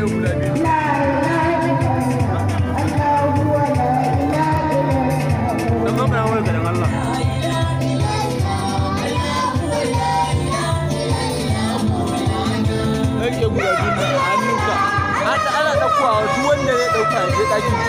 guda biyu a hannunka ana ɗaukowa wanda ya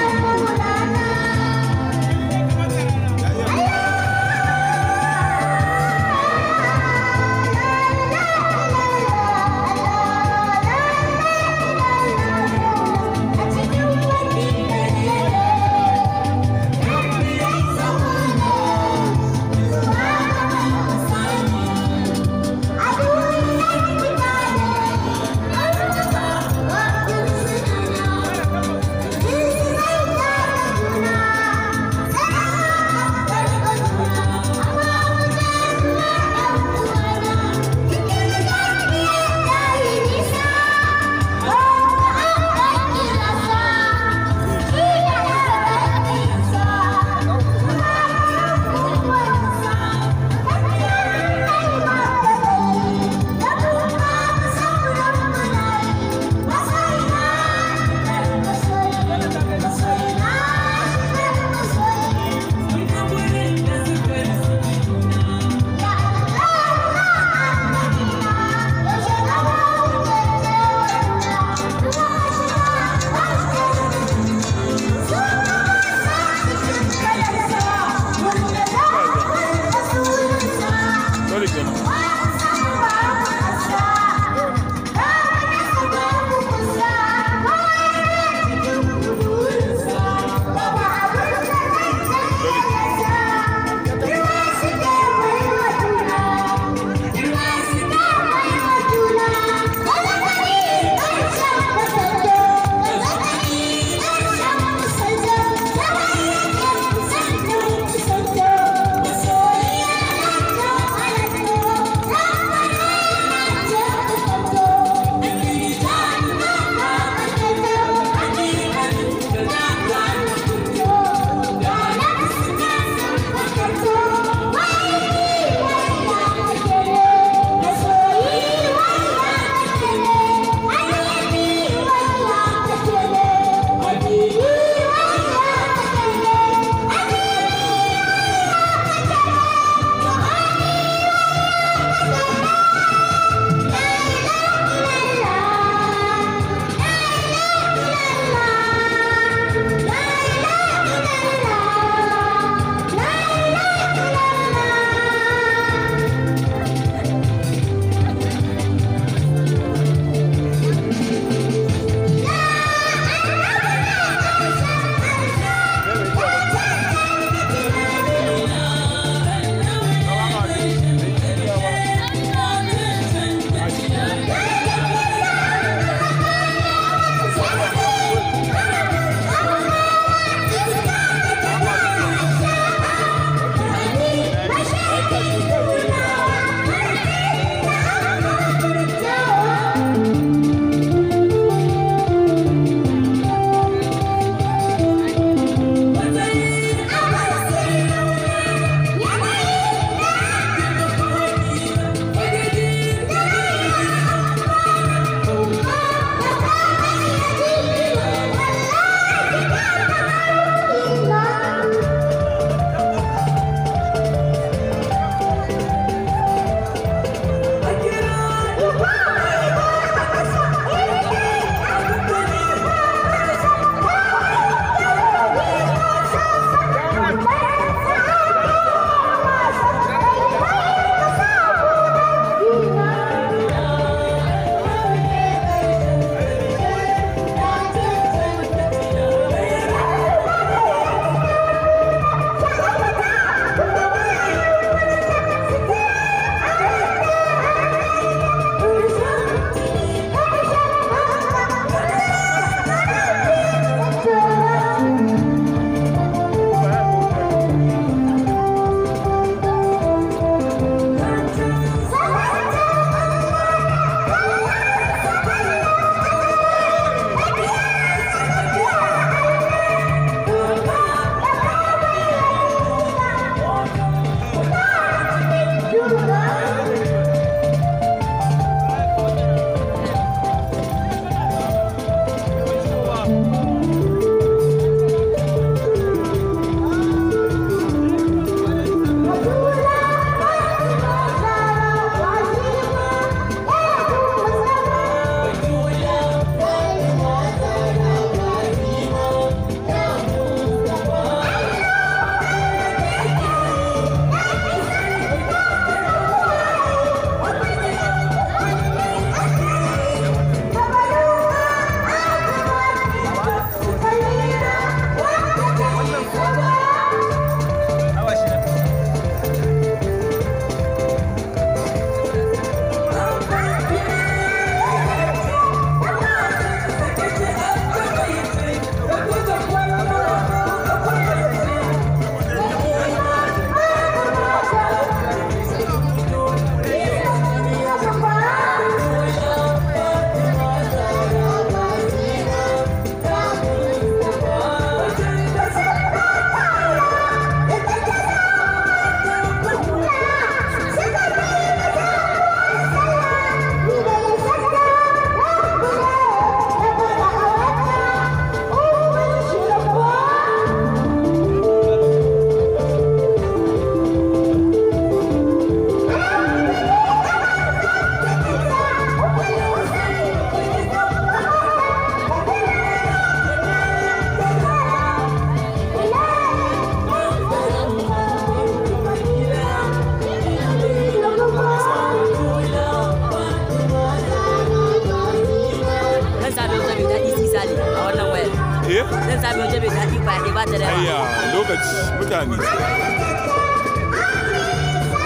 zan sami waje mai daɗi ba ɗaya ba ta da yawa. lokaci mutane.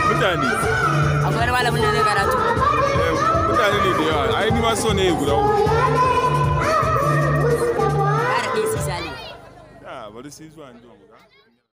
Mutane. Akwai wani malamin da zai karatu. Eh, mutane ne da yawa, ai ni ma so ne guda uku. sale. Ya, bari sai zuwa an